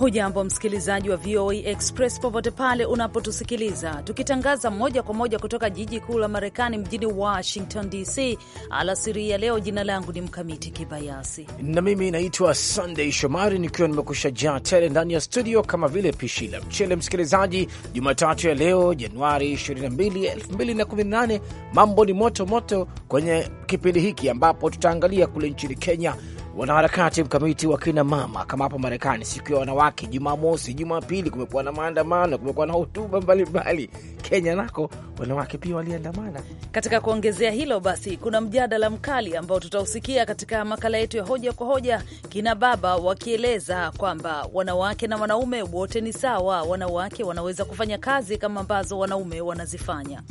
Hujambo msikilizaji wa VOA e Express popote pale unapotusikiliza, tukitangaza moja kwa moja kutoka jiji kuu la Marekani, mjini Washington DC alasiri ya leo. Jina langu ni Mkamiti Kibayasi na mimi naitwa Sunday Shomari, nikiwa nimekusha jaa tele ndani ya studio kama vile pishi la mchele. Msikilizaji, Jumatatu ya leo Januari 22, 2018, mambo ni moto moto kwenye kipindi hiki ambapo tutaangalia kule nchini Kenya Wanaharakati mkamiti wa kina mama kama hapo Marekani, siku ya wanawake, Jumamosi, Jumapili kumekuwa na maandamano, kumekuwa na hotuba mbalimbali. Kenya nako wanawake pia waliandamana. Katika kuongezea hilo, basi kuna mjadala mkali ambao tutausikia katika makala yetu ya hoja kwa hoja, kina baba wakieleza kwamba wanawake na wanaume wote ni sawa, wanawake wanaweza kufanya kazi kama ambazo wanaume wanazifanya.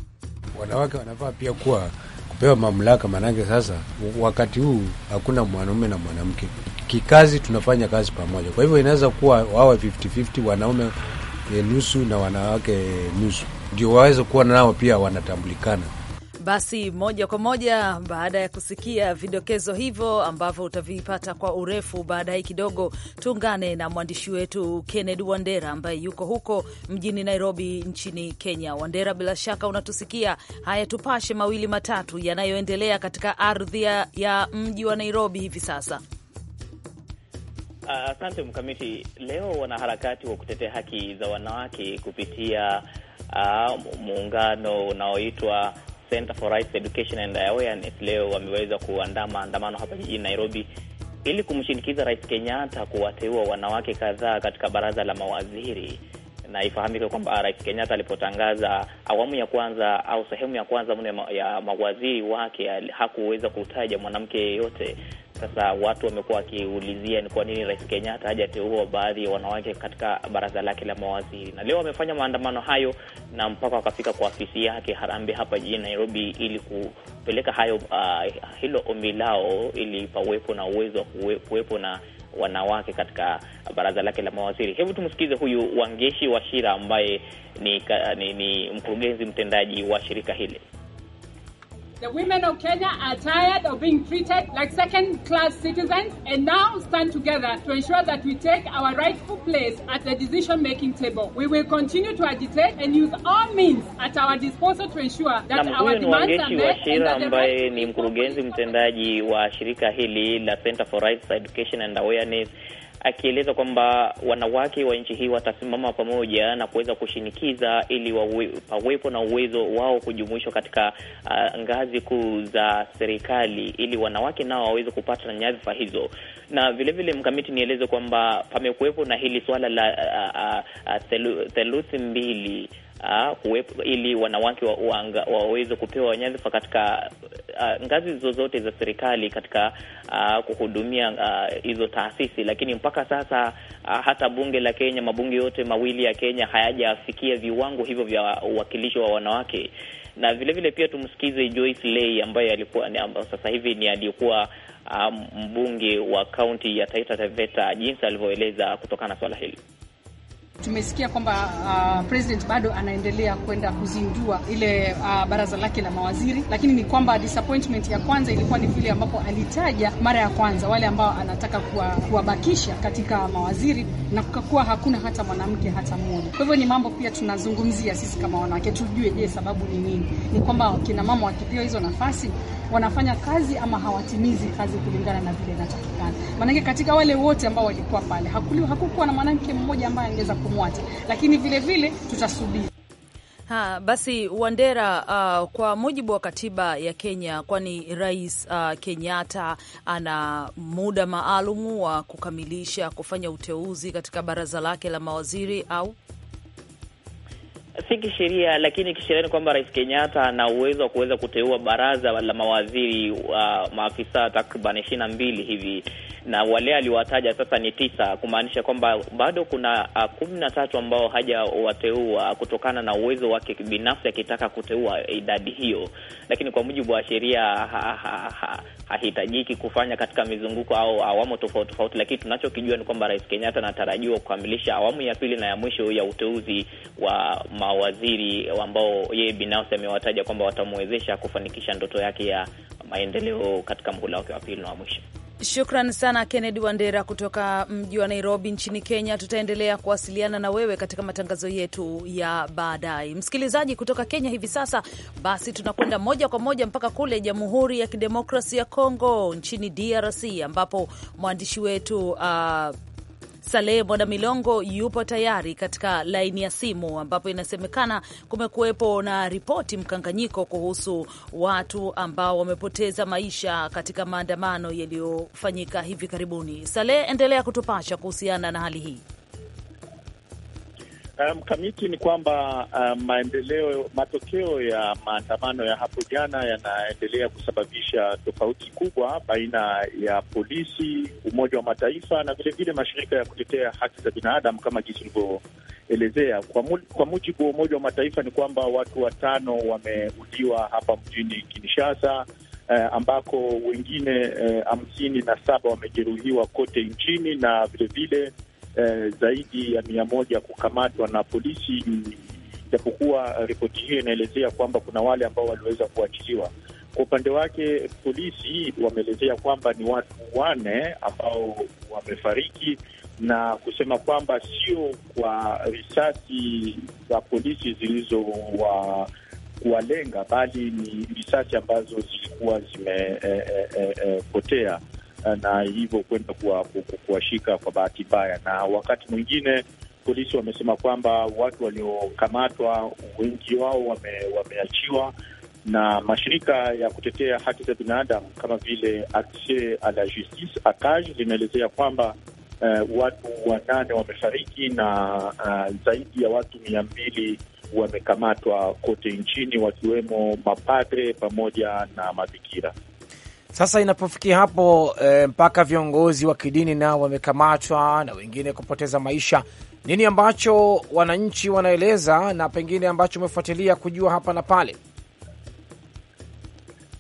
Wanawake wanafaa pia kuwa tunapewa mamlaka, maanake sasa wakati huu hakuna mwanaume na mwanamke kikazi, tunafanya kazi pamoja. Kwa hivyo inaweza kuwa wawe 50-50 wanaume eh, nusu na wanawake eh, nusu, ndio waweze kuwa nao pia wanatambulikana. Basi moja kwa moja baada ya kusikia vidokezo hivyo ambavyo utavipata kwa urefu baadaye kidogo, tuungane na mwandishi wetu Kennedy Wandera ambaye yuko huko mjini Nairobi nchini Kenya. Wandera, bila shaka unatusikia. Haya, tupashe mawili matatu yanayoendelea katika ardhi ya mji wa Nairobi hivi sasa. Asante uh, Mkamiti. Leo wanaharakati wa kutetea haki za wanawake kupitia uh, muungano unaoitwa Center for Rights Education and Awareness leo wameweza kuandaa maandamano hapa jijini Nairobi ili kumshinikiza Rais Kenyatta kuwateua wanawake kadhaa katika baraza la mawaziri. Na ifahamike kwamba Rais Kenyatta alipotangaza awamu ya kwanza au sehemu ya kwanza mno ya mawaziri wake hakuweza kutaja mwanamke yeyote, sasa watu wamekuwa wakiulizia ni kwa nini Rais Kenyatta hajateua baadhi ya wanawake katika baraza lake la mawaziri, na leo wamefanya maandamano hayo na mpaka wakafika kwa afisi yake Harambee hapa jijini Nairobi ili kupeleka hayo uh, hilo ombi lao ili pawepo na uwezo wa kuwepo na wanawake katika baraza lake la mawaziri. Hebu tumsikize huyu Wangeshi shira ambaye ni, ni, ni mkurugenzi mtendaji wa shirika hili. The women of Kenya are tired of being treated like second class citizens and now stand together to ensure that we take our rightful place at the decision making table. We will continue to agitate and use all means at our disposal to ensure that na our demands are met. Washira ambaye ni mkurugenzi mtendaji wa shirika hili la Center for Rights Education and Awareness akieleza kwamba wanawake wa nchi hii watasimama pamoja na kuweza kushinikiza ili pawepo na uwezo wao kujumuishwa katika uh, ngazi kuu za serikali ili wanawake nao waweze kupata nyadhifa hizo. Na vilevile vile, mkamiti, nieleze kwamba pamekuwepo na hili suala la uh, uh, uh, theluthi mbili Ah, kuwepo ili wanawake waweze wa, kupewa nyadhifa katika uh, ngazi zozote za serikali katika uh, kuhudumia hizo uh, taasisi, lakini mpaka sasa uh, hata bunge la Kenya, mabunge yote mawili ya Kenya hayajafikia viwango hivyo vya uwakilishi wa wanawake na vile vile pia tumsikize Joyce Ley ambaye alikuwa sasa hivi ni aliyekuwa mbunge um, wa kaunti ya Taita Taveta, jinsi alivyoeleza kutokana na swala hili. Tumesikia kwamba uh, president bado anaendelea kwenda kuzindua ile uh, baraza lake la mawaziri, lakini ni kwamba disappointment ya kwanza ilikuwa ni vile ambapo alitaja mara ya kwanza wale ambao anataka kuwabakisha kuwa katika mawaziri na kukakuwa hakuna hata mwanamke hata mmoja. Kwa hivyo ni mambo pia tunazungumzia sisi kama wanawake, tujue je, sababu ni nini? Ni kwamba kina mama wakipewa hizo nafasi wanafanya kazi ama hawatimizi kazi kulingana na vile inatakikana? Maanake katika wale wote ambao walikuwa pale hakukuwa na mwanamke mmoja ambaye angeza ku kumwacha, lakini vilevile tutasubiri. Ha, basi Wandera, uh, kwa mujibu wa katiba ya Kenya, kwani Rais uh, Kenyatta ana muda maalum wa kukamilisha kufanya uteuzi katika baraza lake la mawaziri au si kisheria, lakini kisheria ni kwamba Rais Kenyatta ana uwezo wa kuweza kuteua baraza la mawaziri wa uh, maafisa takriban ishirini na mbili hivi na wale aliwataja sasa ni tisa, kumaanisha kwamba bado kuna uh, kumi na tatu ambao hajawateua kutokana na uwezo wake binafsi, akitaka kuteua idadi hiyo, lakini kwa mujibu wa sheria hahitajiki ha, ha, ha, kufanya katika mizunguko au awamu tofauti tofauti, lakini tunachokijua ni kwamba Rais Kenyatta anatarajiwa kukamilisha awamu ya pili na ya mwisho ya uteuzi wa mawaziri ambao yeye binafsi amewataja kwamba watamwezesha kufanikisha ndoto yake ya maendeleo katika mhula wake wa pili na wa mwisho. Shukran sana Kennedy Wandera kutoka mji wa Nairobi nchini Kenya. Tutaendelea kuwasiliana na wewe katika matangazo yetu ya baadaye. Msikilizaji kutoka Kenya hivi sasa, basi tunakwenda moja kwa moja mpaka kule Jamhuri ya Kidemokrasi ya congo nchini DRC, ambapo mwandishi wetu uh, Salehe Bwana Milongo yupo tayari katika laini ya simu, ambapo inasemekana kumekuwepo na ripoti mkanganyiko kuhusu watu ambao wamepoteza maisha katika maandamano yaliyofanyika hivi karibuni. Salehe, endelea kutupasha kuhusiana na hali hii. Mkamiti um, ni kwamba um, maendeleo matokeo ya maandamano ya hapo jana yanaendelea kusababisha tofauti kubwa baina ya polisi, Umoja wa Mataifa na vilevile mashirika ya kutetea haki za binadamu kama jinsi ulivyoelezea. Kwa, kwa mujibu wa Umoja wa Mataifa ni kwamba watu watano wameuliwa hapa mjini Kinshasa, uh, ambako wengine eh, hamsini uh, na saba wamejeruhiwa kote nchini na vilevile vile, eh, zaidi ya mia moja kukamatwa na polisi, japokuwa eh, ripoti hiyo inaelezea kwamba kuna wale ambao waliweza kuachiliwa. Kwa upande wake polisi wameelezea kwamba ni watu wane ambao wamefariki na kusema kwamba sio kwa risasi za polisi zilizowalenga, bali ni risasi ambazo zilikuwa zimepotea. Eh, eh, eh, eh Eh, na hivyo kwenda kuwashika kwa, kwa bahati mbaya. Na wakati mwingine polisi wamesema kwamba watu waliokamatwa wengi wao wameachiwa, wame na mashirika ya kutetea haki za binadamu kama vile Access a la Justice ACAJ linaelezea kwamba uh, watu wanane wamefariki na uh, zaidi ya watu mia mbili wamekamatwa kote nchini wakiwemo mapadre pamoja na mabikira. Sasa inapofikia hapo e, mpaka viongozi wa kidini nao wamekamatwa na wengine kupoteza maisha, nini ambacho wananchi wanaeleza na pengine ambacho umefuatilia kujua hapa na pale?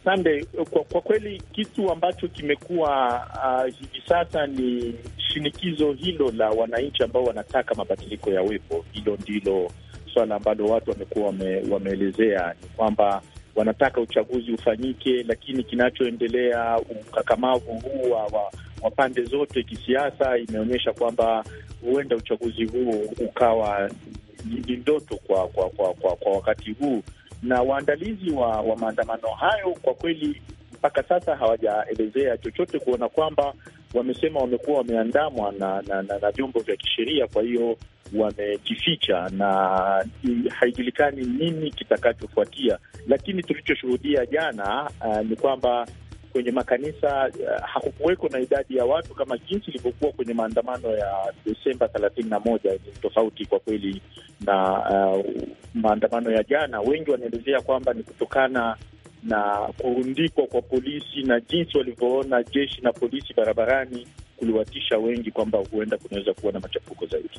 Sande, kwa, kwa kweli kitu ambacho kimekuwa uh, hivi sasa ni shinikizo hilo la wananchi ambao wanataka mabadiliko yawepo. Hilo ndilo swala ambalo watu wamekuwa wame, wameelezea ni kwamba wanataka uchaguzi ufanyike, lakini kinachoendelea, ukakamavu huu wa, wa, wa pande zote kisiasa, imeonyesha kwamba huenda uchaguzi huo ukawa ni ndoto kwa kwa, kwa, kwa kwa wakati huu, na waandalizi wa, wa maandamano hayo kwa kweli mpaka sasa hawajaelezea chochote kuona kwamba wamesema wamekuwa wameandamwa na na, na, na vyombo vya kisheria. Kwa hiyo wamejificha na haijulikani nini kitakachofuatia, lakini tulichoshuhudia jana uh, ni kwamba kwenye makanisa uh, hakukuweko na idadi ya watu kama jinsi ilivyokuwa kwenye maandamano ya Desemba thelathini na moja. Ni tofauti kwa kweli na uh, maandamano ya jana. Wengi wanaelezea kwamba ni kutokana na kurundikwa kwa polisi na jinsi walivyoona jeshi na polisi barabarani kuliwatisha wengi kwamba huenda kunaweza kuwa na machafuko zaidi.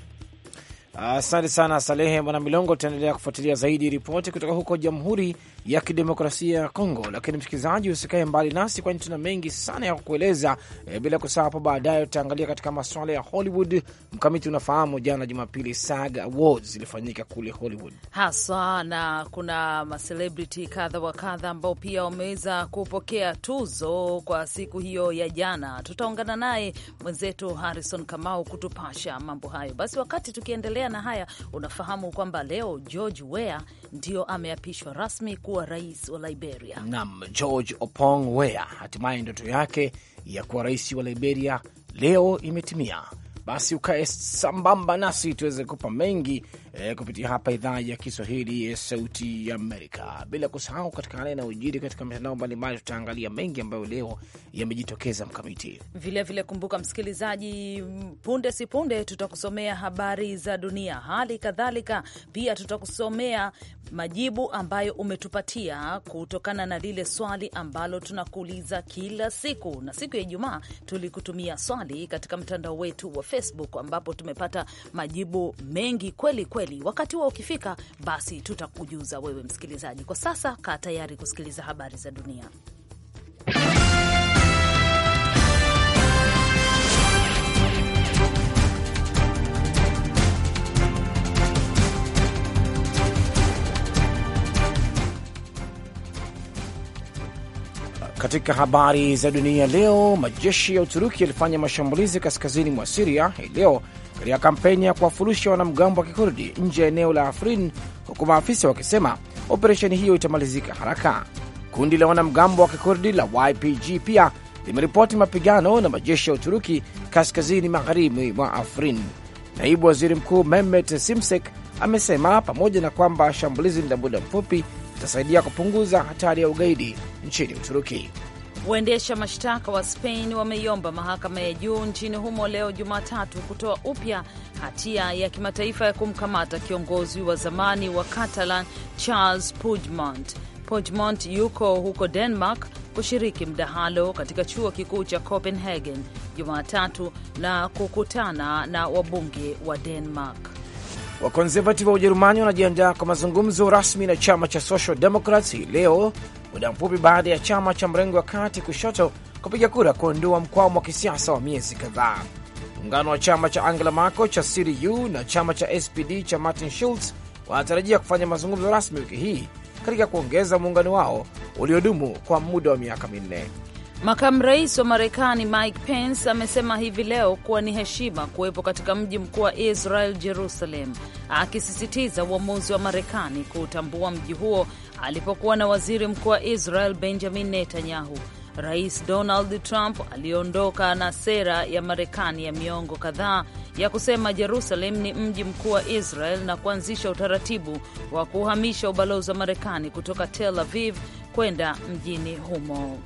Asante sana Salehe Mwana Milongo. Tutaendelea kufuatilia zaidi ripoti kutoka huko Jamhuri ya Kidemokrasia ya Kongo, lakini msikilizaji, usikae mbali nasi, kwani tuna mengi sana ya kukueleza e, bila kusahau hapo baadaye utaangalia katika maswala ya Hollywood. Mkamiti, unafahamu jana Jumapili SAG Awards ilifanyika kule Hollywood haswa, na kuna macelebrity kadha wa kadha ambao pia wameweza kupokea tuzo kwa siku hiyo ya jana. Tutaungana naye mwenzetu Harrison Kamau kutupasha mambo hayo. Basi wakati tukiendelea tukiendelea na haya, unafahamu kwamba leo George Weah ndio ameapishwa rasmi kuwa rais wa Liberia. Naam, George Opong Weah, hatimaye ndoto yake ya kuwa rais wa Liberia leo imetimia. Basi ukae sambamba nasi tuweze kupa mengi e, kupitia hapa idhaa ya Kiswahili ya Sauti ya Amerika, bila kusahau katika hali inayojiri katika mitandao mbalimbali. Tutaangalia mengi ambayo leo yamejitokeza mkamiti. Vilevile kumbuka msikilizaji, punde si punde tutakusomea habari za dunia, hali kadhalika pia tutakusomea majibu ambayo umetupatia kutokana na lile swali ambalo tunakuuliza kila siku, na siku ya Ijumaa tulikutumia swali katika mtandao wetu wa Facebook ambapo tumepata majibu mengi kweli kweli kweli. Wakati huo ukifika, basi tutakujuza wewe msikilizaji. Kwa sasa, kaa tayari kusikiliza habari za dunia. Katika habari za dunia leo, majeshi ya Uturuki yalifanya mashambulizi kaskazini mwa Siria hii leo katika kampeni ya kuwafurusha wanamgambo wa kikurdi nje ya eneo la Afrin, huku maafisa wakisema operesheni hiyo itamalizika haraka. Kundi la wanamgambo wa kikurdi la YPG pia limeripoti mapigano na majeshi ya Uturuki kaskazini magharibi mwa Afrin. Naibu waziri mkuu Mehmet Simsek amesema pamoja na kwamba shambulizi la muda mfupi litasaidia kupunguza hatari ya ugaidi nchini Uturuki. Waendesha mashtaka wa Spain wameiomba mahakama ya juu nchini humo leo Jumatatu kutoa upya hatia ya kimataifa ya kumkamata kiongozi wa zamani wa Catalan Charles Puigdemont. Puigdemont yuko huko Denmark kushiriki mdahalo katika chuo kikuu cha Copenhagen Jumatatu na kukutana na wabunge wa Denmark. Wakonservative wa Ujerumani wanajiandaa kwa mazungumzo rasmi na chama cha Social Democrats hii leo, muda mfupi baada ya chama cha mrengo wa kati kushoto kupiga kura kuondoa mkwamo wa kisiasa wa miezi kadhaa. Muungano wa chama cha Angela Merkel cha CDU na chama cha SPD cha Martin Schulz wanatarajia kufanya mazungumzo rasmi wiki hii katika kuongeza muungano wao uliodumu kwa muda wa miaka minne. Makamu rais wa Marekani Mike Pence amesema hivi leo kuwa ni heshima kuwepo katika mji mkuu wa Israel, Jerusalem, akisisitiza uamuzi wa Marekani kuutambua mji huo alipokuwa na waziri mkuu wa Israel Benjamin Netanyahu. Rais Donald Trump aliondoka na sera ya Marekani ya miongo kadhaa ya kusema Jerusalem ni mji mkuu wa Israel na kuanzisha utaratibu wa kuhamisha ubalozi wa Marekani kutoka Tel Aviv kwenda mjini humo.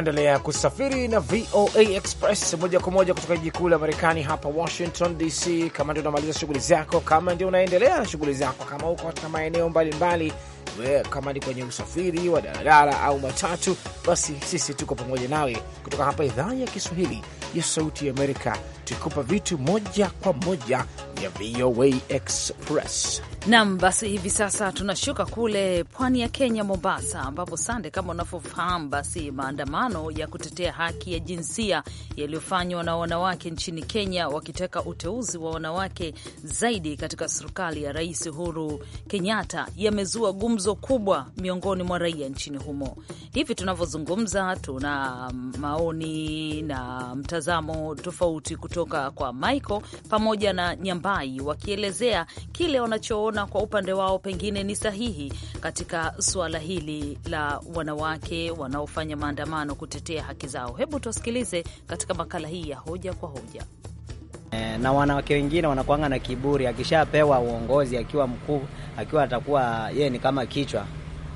unaendelea kusafiri na VOA Express moja kwa moja kutoka jiji kuu la Marekani hapa Washington DC. Kama ndio unamaliza shughuli zako, kama ndio unaendelea na shughuli zako, kama huko katika maeneo mbalimbali We, kama ni kwenye usafiri wa daladala au matatu, basi sisi tuko pamoja nawe kutoka hapa idhaa ya Kiswahili ya Sauti ya Amerika, tukikupa vitu moja kwa moja vya VOA Express. Nam, basi hivi sasa tunashuka kule pwani ya Kenya, Mombasa, ambapo Sande, kama unavyofahamu, basi maandamano ya kutetea haki ya jinsia yaliyofanywa na wanawake nchini Kenya wakitaka uteuzi wa wanawake zaidi katika serikali ya Rais Uhuru Kenyatta yamezua gumzo kubwa miongoni mwa raia nchini humo. Hivi tunavyozungumza, tuna maoni na mtazamo mitazamo tofauti kutoka kwa Michael pamoja na Nyambai wakielezea kile wanachoona kwa upande wao pengine ni sahihi katika suala hili la wanawake wanaofanya maandamano kutetea haki zao. Hebu tuwasikilize katika makala hii ya hoja kwa hoja. Eh, na wanawake wengine wanakuanga na kiburi, akishapewa uongozi akiwa mkuu, akiwa atakuwa yeye ni kama kichwa,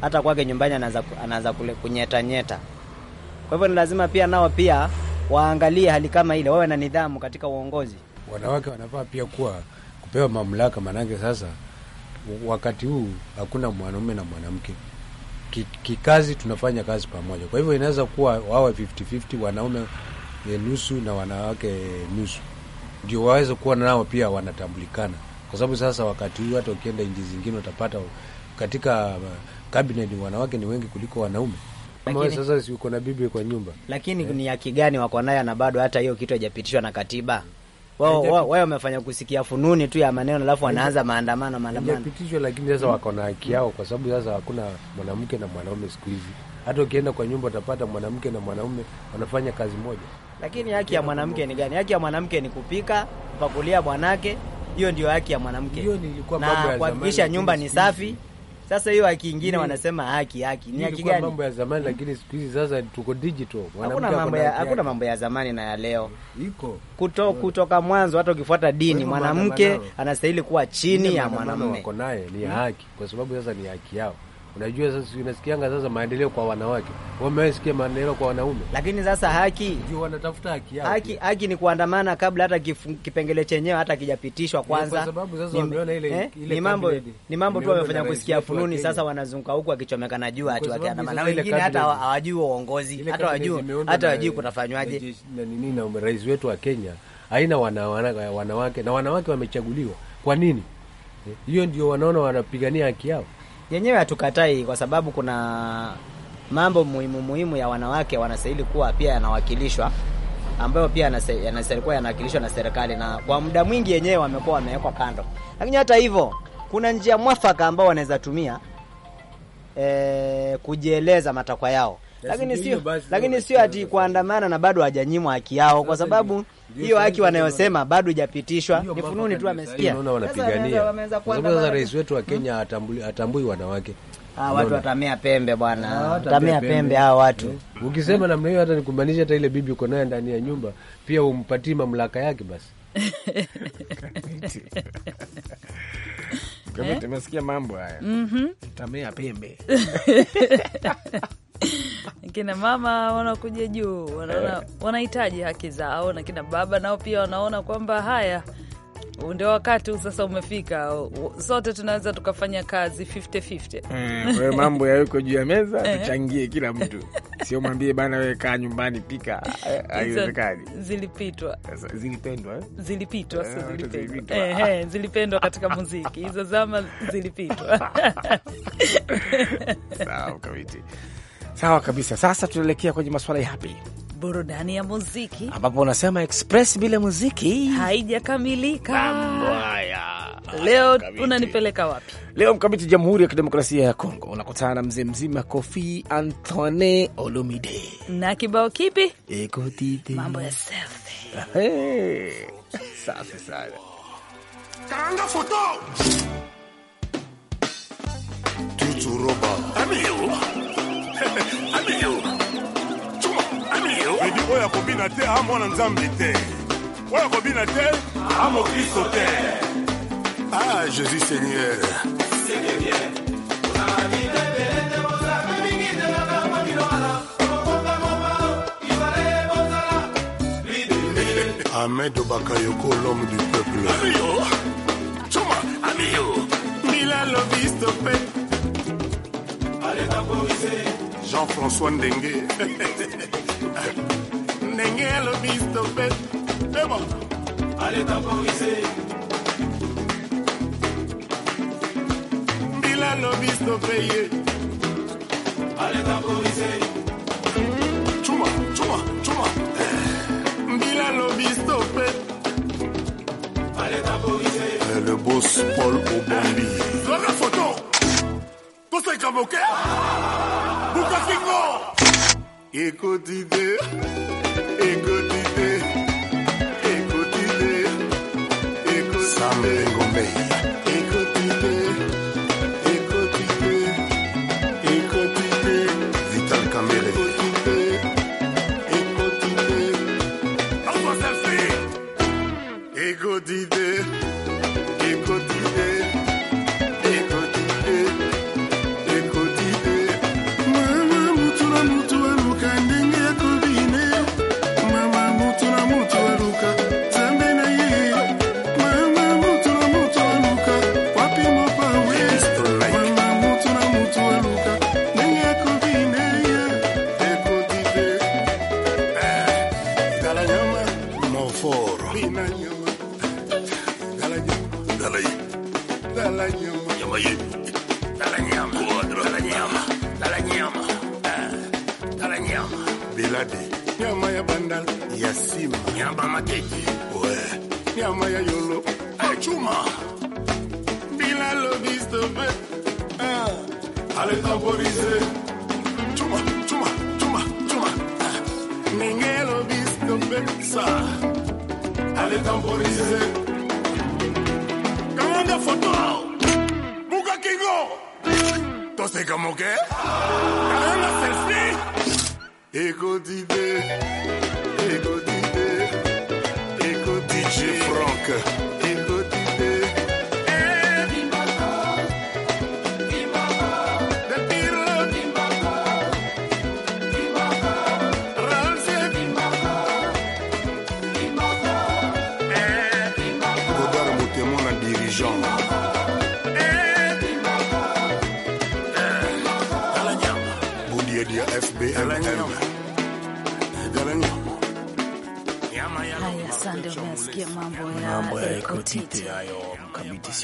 hata kwake nyumbani anaanza kunyetanyeta. Kwa hivyo ni lazima pia nao pia waangalie hali kama ile, wawe na nidhamu katika uongozi. Wanawake wanafaa pia kuwa kupewa mamlaka, maanake sasa wakati huu hakuna mwanaume na mwanamke kikazi, tunafanya kazi pamoja. Kwa hivyo inaweza kuwa wawe 50-50 wanaume nusu na wanawake nusu, ndio waweze kuwa nao pia wanatambulikana, kwa sababu sasa wakati huu hata ukienda nchi zingine utapata katika kabineti uh, wanawake ni wengi kuliko wanaume. Lakini sasa si uko na bibi kwa nyumba, lakini yeah. ni haki gani wako naye na bado hata hiyo kitu haijapitishwa na katiba? Wao wao wamefanya kusikia fununi tu ya maneno, alafu wanaanza maandamano maandamano. Haijapitishwa, lakini sasa wako na haki yao, kwa sababu sasa hakuna mwanamke na mwanaume siku hizi. Hata ukienda kwa nyumba utapata mwanamke na mwanaume wanafanya kazi moja. Lakini haki ya mwanamke ni gani? Haki ya mwanamke ni kupika, kupakulia bwanake, hiyo ndio haki ya mwanamke, na kuhakikisha nyumba ni safi sasa hiyo haki ingine wanasema haki haki ni haki gani? Mambo ya zamani, lakini siku hizi sasa tuko digital. Hakuna mambo ya hakuna mambo ya zamani na ya leo. Iko. Kuto, kutoka mwanzo hata ukifuata dini mwanamke anastahili kuwa chini ya mwanamume. Wako naye ni hmm. haki kwa sababu sasa ni haki yao. Unajua sasa, unasikianga sasa maendeleo kwa wanawake, wamewasikia maendeleo kwa wanaume, lakini sasa haki juu wanatafuta haki yao. Haki, haki ni kuandamana kabla hata kipengele chenyewe hata kijapitishwa eh, kwanza, kwa sababu sasa wameona ile eh, ile ni mambo ni mambo tu wamefanya kusikia fununi. Sasa wanazunguka huko wakichomeka na jua ati wakiandamana, wengine hata hawajui uongozi, hata hawajui hata hawajui kutafanywaje na nini. Na rais wetu wa Kenya haina wanawake na wanawake wamechaguliwa. Kwa nini eh, hiyo? Ndio wanaona wanapigania haki yao yenyewe hatukatai, kwa sababu kuna mambo muhimu muhimu ya wanawake wanastahili kuwa pia yanawakilishwa, ambayo pia yanastahili kuwa yanawakilishwa na serikali, na kwa muda mwingi yenyewe wamekuwa wamewekwa kando. Lakini hata hivyo kuna njia mwafaka ambao wanaweza tumia e, kujieleza matakwa yao lakini sio lakini sio ati kuandamana na bado hajanyimwa haki yao, kwa sababu hiyo haki wanayosema bado ijapitishwa ni fununi tu, amesikia. Unaona wanapigania. Sasa rais wetu wa Kenya atambui atambui wanawake Ha, ah, watu watamea pembe bwana, ah, watamea pembe hawa watu. Eh, ukisema namna hiyo, hata nikumaanisha, hata ile bibi uko naye ndani ya nyumba pia umpatie mamlaka yake basi. Eh? Tumesikia mambo haya, mhm. tamea pembe Kina mama wanakuja juu, wanaona eh. wanahitaji haki zao, na kina baba nao pia wanaona kwamba haya ndio wakati sasa umefika, sote tunaweza tukafanya kazi 50-50. Mm, mambo yayuko juu ya meza, eh. tuchangie kila mtu, sio mwambie bana, wewe kaa nyumbani pika. Eh, haiwezekani. Zilipitwa, zilipendwa, zilipitwa, sio zilipendwa. zilipendwa katika muziki, hizo zama zilipitwa. Sawa kabisa. Sawa kabisa. Sasa tunaelekea kwenye maswala yapi? Burudani ya muziki, ambapo unasema express bila muziki haijakamilika. Leo unanipeleka wapi? Leo mkamiti Jamhuri ya Kidemokrasia ya Kongo, unakutana na mzee mzima Kofi Antoine Olomide na kibao kipi? Ekotite mambo ya safi sana karanga foto tuturoba oyo akobina te amwana nzambe te oyo akobina te amokristo te ah jésus seigneur Ahmed Bakayoko, l'homme du peuple. Amio, Choma, Amio, Mila Lobistope. Allez, Jean-François Ndengue. nenge lobiste pe c'est bon allez temporiser mbila lobiste peye allez temporiser chuma chuma chuma mbila lobiste pe allez temporiser eh, le boss Paul Obambi la photo Tosai Kamoke Bukasingo Écoute idée, écoute idée, écoute idée,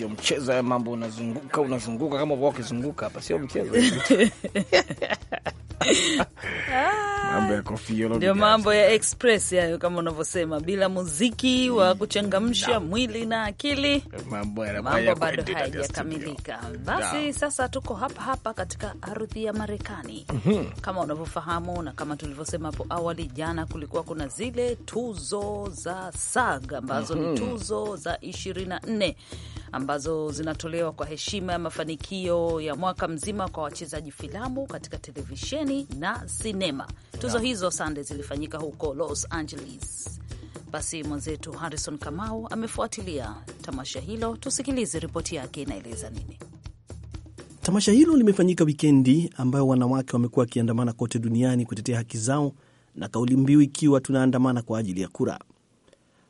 sio mchezo. ya mambo unazunguka unazunguka kama vo wakizunguka hapa, sio mchezo mambo ya kofia ndio mambo ya express hayo, kama unavyosema, bila muziki wa mm. kuchangamsha mwili na akili, mambo bado hayajakamilika. Basi sasa tuko hapa hapa katika ardhi ya Marekani mm -hmm. Kama unavyofahamu na kama tulivyosema hapo awali, jana kulikuwa kuna zile tuzo za SAG ambazo mm -hmm. ni mhm. tuzo za ishirini na nne ambazo zinatolewa kwa heshima ya mafanikio ya mwaka mzima kwa wachezaji filamu katika televisheni na sinema. Tuzo hizo sande zilifanyika huko Los Angeles. Basi mwenzetu Harrison Kamau amefuatilia tamasha hilo, tusikilize ripoti yake inaeleza nini. Tamasha hilo limefanyika wikendi ambayo wanawake wamekuwa wakiandamana kote duniani kutetea haki zao, na kauli mbiu ikiwa tunaandamana kwa ajili ya kura.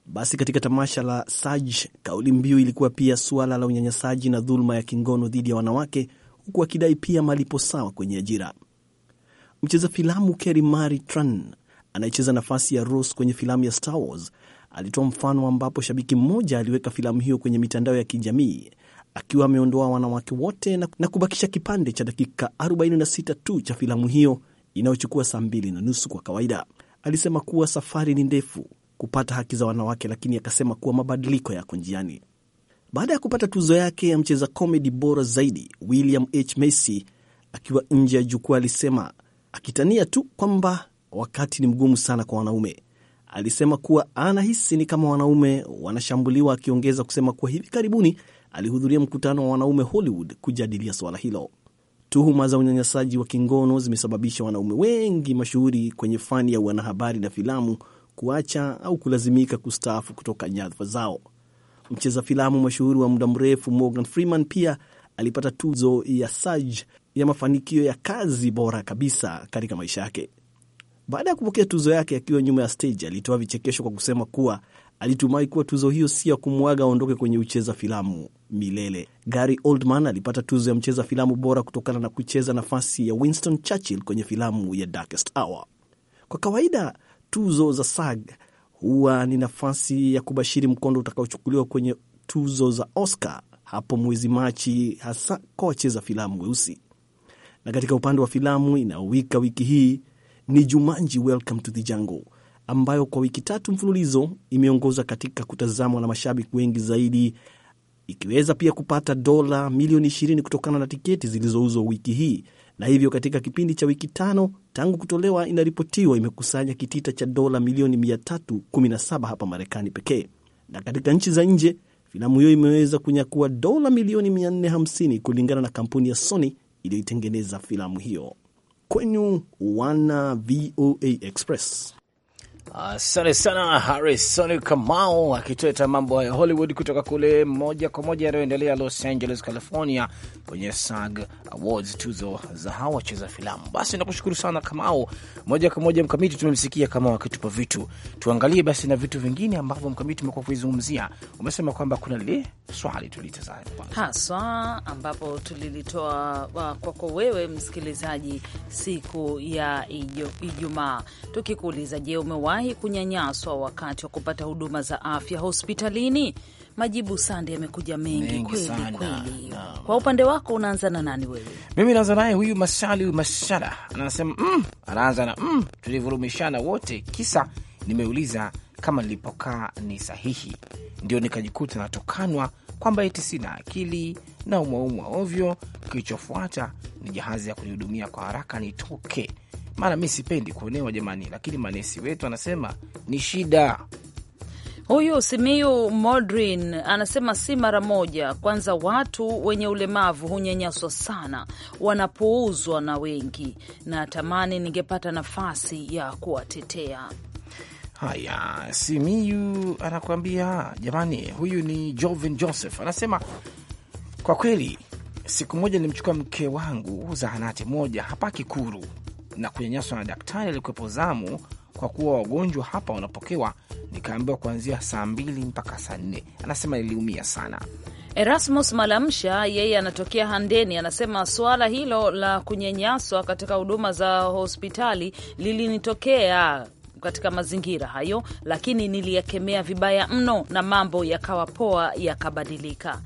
Basi katika tamasha la Saj, kauli mbiu ilikuwa pia suala la unyanyasaji na dhuluma ya kingono dhidi ya wanawake, huku akidai pia malipo sawa kwenye ajira. Mcheza filamu Keri Mari Tran anayecheza nafasi ya Rose kwenye filamu ya Star Wars alitoa mfano ambapo shabiki mmoja aliweka filamu hiyo kwenye mitandao ya kijamii akiwa ameondoa wanawake wote na kubakisha kipande cha dakika 46 tu cha filamu hiyo inayochukua saa mbili na nusu kwa kawaida. Alisema kuwa safari ni ndefu kupata haki za wanawake, lakini akasema kuwa mabadiliko yako njiani. Baada ya kupata tuzo yake ya mcheza komedi bora zaidi, William H Macy akiwa nje ya jukwaa alisema akitania tu kwamba wakati ni mgumu sana kwa wanaume. Alisema kuwa anahisi ni kama wanaume wanashambuliwa, akiongeza kusema kuwa hivi karibuni alihudhuria mkutano wa wanaume Hollywood kujadilia suala hilo. Tuhuma za unyanyasaji wa kingono zimesababisha wanaume wengi mashuhuri kwenye fani ya wanahabari na filamu kuacha au kulazimika kustaafu kutoka nyadhifa zao. Mcheza filamu mashuhuri wa muda mrefu Morgan Freeman pia alipata tuzo ya SAG ya mafanikio ya kazi bora kabisa katika maisha yake. Baada ya kupokea tuzo yake akiwa nyuma ya stage, alitoa vichekesho kwa kusema kuwa alitumai kuwa tuzo hiyo si ya kumwaga aondoke kwenye ucheza filamu milele. Gary Oldman alipata tuzo ya mcheza filamu bora kutokana na kucheza nafasi ya Winston Churchill kwenye filamu ya Darkest Hour. Kwa kawaida tuzo za SAG huwa ni nafasi ya kubashiri mkondo utakaochukuliwa kwenye tuzo za Oscar hapo mwezi Machi, hasa kwa wacheza filamu weusi. Na katika upande wa filamu inayowika wiki hii ni Jumanji Welcome to the Jungle, ambayo kwa wiki tatu mfululizo imeongoza katika kutazamwa na mashabiki wengi zaidi, ikiweza pia kupata dola milioni 20 kutokana na tiketi zilizouzwa wiki hii na hivyo katika kipindi cha wiki tano tangu kutolewa inaripotiwa imekusanya kitita cha dola milioni 317 hapa Marekani pekee, na katika nchi za nje filamu hiyo imeweza kunyakua dola milioni 450 kulingana na kampuni ya Sony iliyoitengeneza filamu hiyo. Kwenyu wana VOA Express. Asante sana Harrison Kamau akitweta mambo ya Hollywood kutoka kule moja kwa moja yanayoendelea Los Angeles, California, kwenye SAG Awards, tuzo za hawa wacheza filamu. Basi nakushukuru sana Kamau. Moja kwa moja Mkamiti, tumemsikia kama akitupa vitu, tuangalie basi na vitu vingine ambavyo Mkamiti umekuwa kuizungumzia. Umesema kwamba kuna lile swali tulitazama haswa, ambapo tulilitoa uh, kwako wewe msikilizaji siku ya Ijumaa, tukikuuliza je, umewahi umewahi kunyanyaswa wakati wa kupata huduma za afya hospitalini? Majibu sande yamekuja mengi kweli kweli. Kwa upande wako unaanza na nani wewe? Mimi naanza naye huyu Masali Mashala anasema mm, anaanza na mm, tulivurumishana wote, kisa nimeuliza kama nilipokaa ni sahihi, ndio nikajikuta natokanwa kwamba eti sina akili na umwaumwa ovyo. Kilichofuata ni jahazi ya kunihudumia kwa haraka nitoke, maana mi sipendi kuonewa jamani, lakini manesi wetu anasema ni shida. Huyu Simiu Modrin anasema si mara moja. Kwanza, watu wenye ulemavu hunyanyaswa sana, wanapuuzwa na wengi, na tamani ningepata nafasi ya kuwatetea. Haya, Simiu anakuambia jamani. Huyu ni Jovin Joseph anasema kwa kweli, siku moja nilimchukua mke wangu zahanati moja hapa Kikuru na kunyanyaswa na daktari alikuwepo zamu, kwa kuwa wagonjwa hapa wanapokewa. Nikaambiwa kuanzia saa mbili mpaka saa nne. Anasema niliumia sana. Erasmus Malamsha yeye anatokea Handeni, anasema suala hilo la kunyanyaswa katika huduma za hospitali lilinitokea katika mazingira hayo, lakini niliyakemea vibaya mno na mambo yakawa poa, yakabadilika.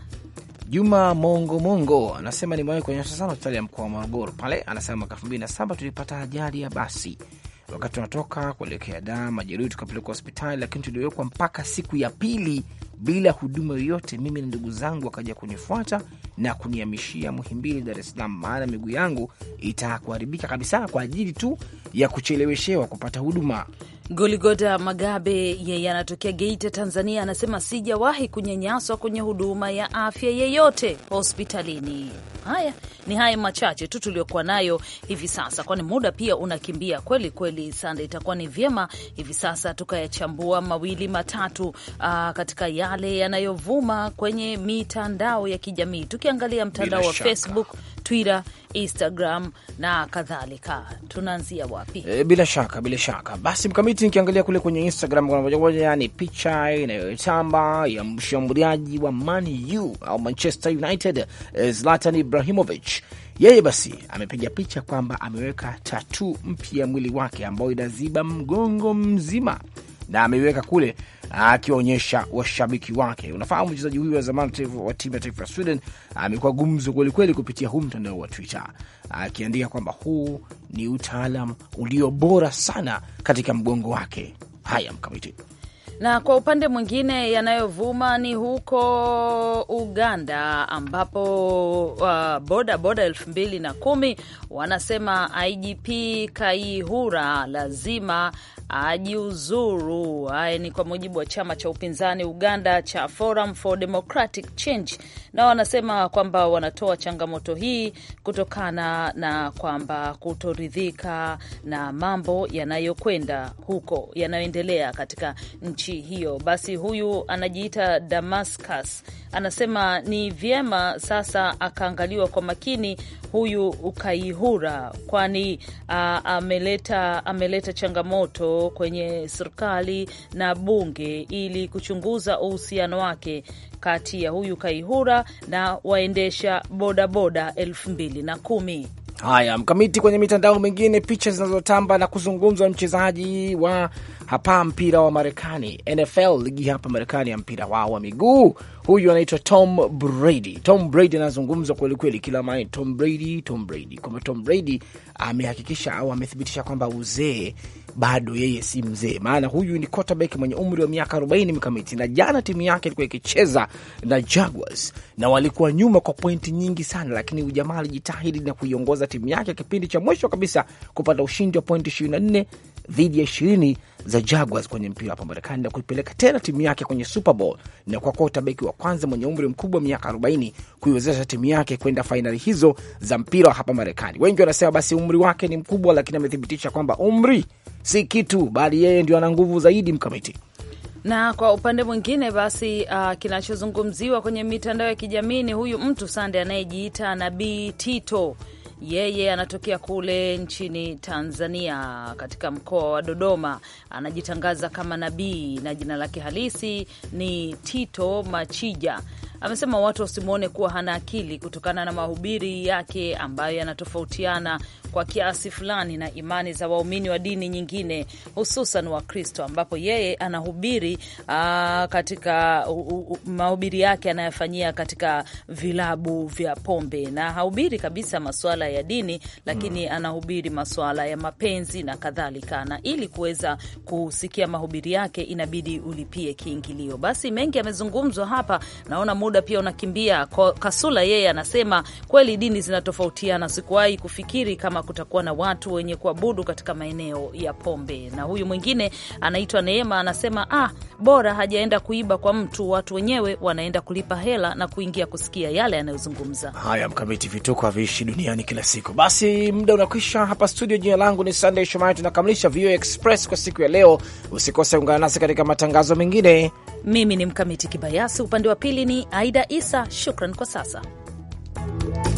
Juma Mongo Mongo anasema nimewahi kuonyesha sana hospitali ya mkoa wa Morogoro pale. Anasema mwaka elfu mbili na saba tulipata ajali ya basi wakati tunatoka kuelekea Dar, majeruhi tukapelekwa hospitali, lakini tuliwekwa mpaka siku ya pili bila huduma yoyote. Mimi na ndugu zangu wakaja kunifuata na kunihamishia Muhimbili, Dar es Salaam, maana miguu yangu itakuharibika kabisa kwa ajili tu ya kucheleweshewa kupata huduma. Goligoda Magabe yeye anatokea Geita, Tanzania, anasema sijawahi kunyanyaswa kwenye huduma ya afya yeyote hospitalini. Haya ni haya machache tu tuliokuwa nayo hivi sasa, kwani muda pia unakimbia kweli kweli sana. Itakuwa ni vyema hivi sasa tukayachambua mawili matatu, aa, katika yale yanayovuma kwenye mitandao ya kijamii ukiangalia mtandao wa Facebook, Twitter, Instagram na kadhalika. Tunaanzia wapi? E, bila shaka bila shaka basi, mkamiti nikiangalia kule kwenye Instagram kuna moja moja ni picha inayotamba ya mshambuliaji wa Man U au Manchester United eh, Zlatan Ibrahimovic. Yeye basi amepiga picha kwamba ameweka tatu mpya mwili wake ambayo inaziba mgongo mzima na ameiweka kule akiwaonyesha washabiki wake. Unafahamu mchezaji huyu wa zamani wa timu ya taifa ya Sweden amekuwa gumzo kwelikweli kupitia huu mtandao wa Twitter akiandika kwamba huu ni utaalam ulio bora sana katika mgongo wake. Haya, mkamiti na kwa upande mwingine yanayovuma ni huko Uganda ambapo uh, boda boda elfu mbili na kumi wanasema IGP Kaihura lazima ajiuzuru. Haya ni kwa mujibu wa chama cha upinzani Uganda cha Forum for Democratic Change, na wanasema kwamba wanatoa changamoto hii kutokana na kwamba kutoridhika na mambo yanayokwenda huko yanayoendelea katika nchi hiyo. Basi huyu anajiita Damascus anasema ni vyema sasa akaangaliwa kwa makini huyu Ukaihura, kwani ameleta ameleta changamoto kwenye serikali na bunge ili kuchunguza uhusiano wake kati ya huyu Kaihura na waendesha bodaboda elfu mbili na kumi. Haya, mkamiti kwenye mitandao mingine, picha zinazotamba na kuzungumzwa mchezaji wa hapa mpira wa Marekani, NFL, ligi hapa Marekani ya mpira wao wa miguu. Huyu anaitwa Tom Brady. Tom Brady anazungumzwa kwelikweli, kila mara Tom Brady, Tom Brady, kwamba Tom Brady amehakikisha au amethibitisha kwamba uzee bado yeye si mzee, maana huyu ni quarterback mwenye umri wa miaka 40 mkamiti, na jana timu yake ilikuwa ikicheza na Jaguars na walikuwa nyuma kwa pointi nyingi sana, lakini ujamaa alijitahidi na kuiongoza timu yake kipindi cha mwisho kabisa kupata ushindi wa pointi 24 dhidi ya ishirini za Jaguars kwenye mpira hapa Marekani na kuipeleka tena timu yake kwenye Super Bowl na kwa utabeki wa kwanza mwenye umri mkubwa miaka 40 kuiwezesha timu yake kwenda fainali hizo za mpira wa hapa Marekani. Wengi wanasema basi umri wake ni mkubwa, lakini amethibitisha kwamba umri si kitu, bali yeye ndio ana nguvu zaidi mkamiti na kwa upande mwingine basi, uh, kinachozungumziwa kwenye mitandao ya kijamii ni huyu mtu Sande anayejiita Nabii Tito yeye anatokea kule nchini Tanzania, katika mkoa wa Dodoma. Anajitangaza kama nabii na jina lake halisi ni Tito Machija amesema watu wasimwone kuwa hana akili kutokana na mahubiri yake ambayo yanatofautiana kwa kiasi fulani na imani za waumini wa dini nyingine, hususan Wakristo, ambapo yeye anahubiri aa, ah, katika mahubiri yake anayofanyia katika vilabu vya pombe na hahubiri kabisa masuala ya dini, lakini mm, anahubiri masuala ya mapenzi na kadhalika, na ili kuweza kusikia mahubiri yake inabidi ulipie kiingilio. Basi mengi yamezungumzwa hapa, naona muda muda pia unakimbia. Kasula yeye anasema kweli dini zinatofautiana, sikuwahi kufikiri kama kutakuwa na watu wenye kuabudu katika maeneo ya pombe. Na huyu mwingine anaitwa Neema anasema ah, bora hajaenda kuiba kwa mtu, watu wenyewe wanaenda kulipa hela na kuingia kusikia yale yanayozungumza. Haya, mkamiti vituko haviishi duniani kila siku. Basi muda unakwisha hapa studio. Jina langu ni Sunday Shomari, tunakamilisha VOA Express kwa siku ya leo. Usikose ungana nasi katika matangazo mengine. Mimi ni mkamiti Kibayasi, upande wa pili ni Aida Isa, shukran kwa sasa.